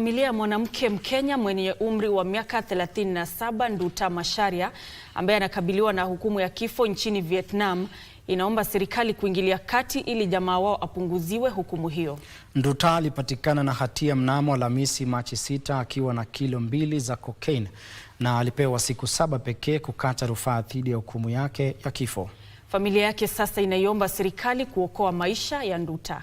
Familia ya mwanamke Mkenya mwenye umri wa miaka 37 Nduta Macharia ambaye anakabiliwa na hukumu ya kifo nchini Vietnam inaomba serikali kuingilia kati ili jamaa wao apunguziwe hukumu hiyo. Nduta alipatikana na hatia mnamo Alhamisi Machi 6 akiwa na kilo mbili za cocaine na alipewa siku saba pekee kukata rufaa dhidi ya hukumu yake ya kifo. Familia yake sasa inaiomba serikali kuokoa maisha ya Nduta.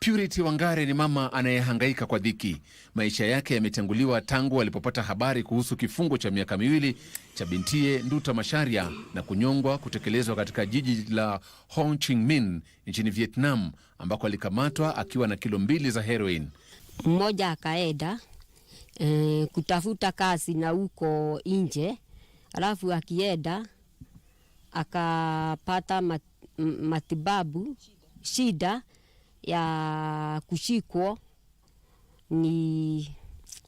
Purity Wangare ni mama anayehangaika kwa dhiki. Maisha yake yametanguliwa tangu alipopata habari kuhusu kifungo cha miaka miwili cha bintie Nduta Masharia na kunyongwa kutekelezwa katika jiji la Ho Chi Minh nchini Vietnam, ambako alikamatwa akiwa na kilo mbili za heroin. Mmoja akaenda e, kutafuta kazi na huko nje, alafu akienda akapata matibabu, shida ya kushikwo ni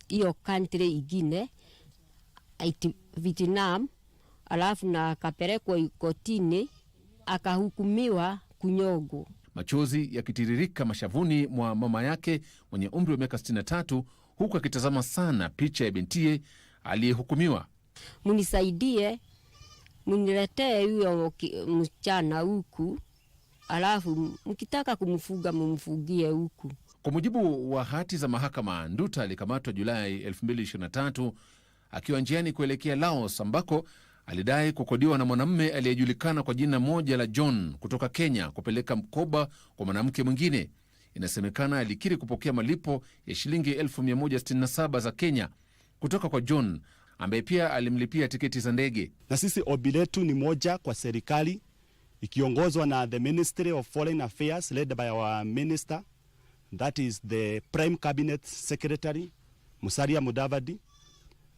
hiyo kantri ingine Vietnam, alafu na akapelekwa kotini akahukumiwa kunyogo Machozi yakitiririka mashavuni mwa mama yake mwenye umri wa miaka 63 huku akitazama sana picha ya bintie aliyehukumiwa. Munisaidie muniletee huyo mchana huku, alafu mkitaka kumfuga mumfugie huku. Kwa mujibu wa hati za mahakama, Nduta alikamatwa Julai 2023 akiwa njiani kuelekea Laos ambako alidai kukodiwa na mwanamume aliyejulikana kwa jina moja la John kutoka Kenya kupeleka mkoba kwa mwanamke mwingine. Inasemekana alikiri kupokea malipo ya shilingi 167 za Kenya kutoka kwa John ambaye pia alimlipia tiketi za ndege. Na sisi ombi letu ni moja kwa serikali ikiongozwa na the Ministry of Foreign Affairs led by our minister that is the prime cabinet secretary Musalia Mudavadi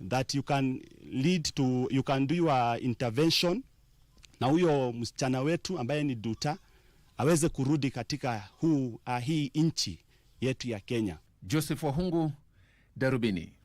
that you can lead to you can do your intervention na huyo msichana wetu ambaye ni Duta aweze kurudi katika huu ah, hii nchi yetu ya Kenya. Joseph Wahungu, Darubini.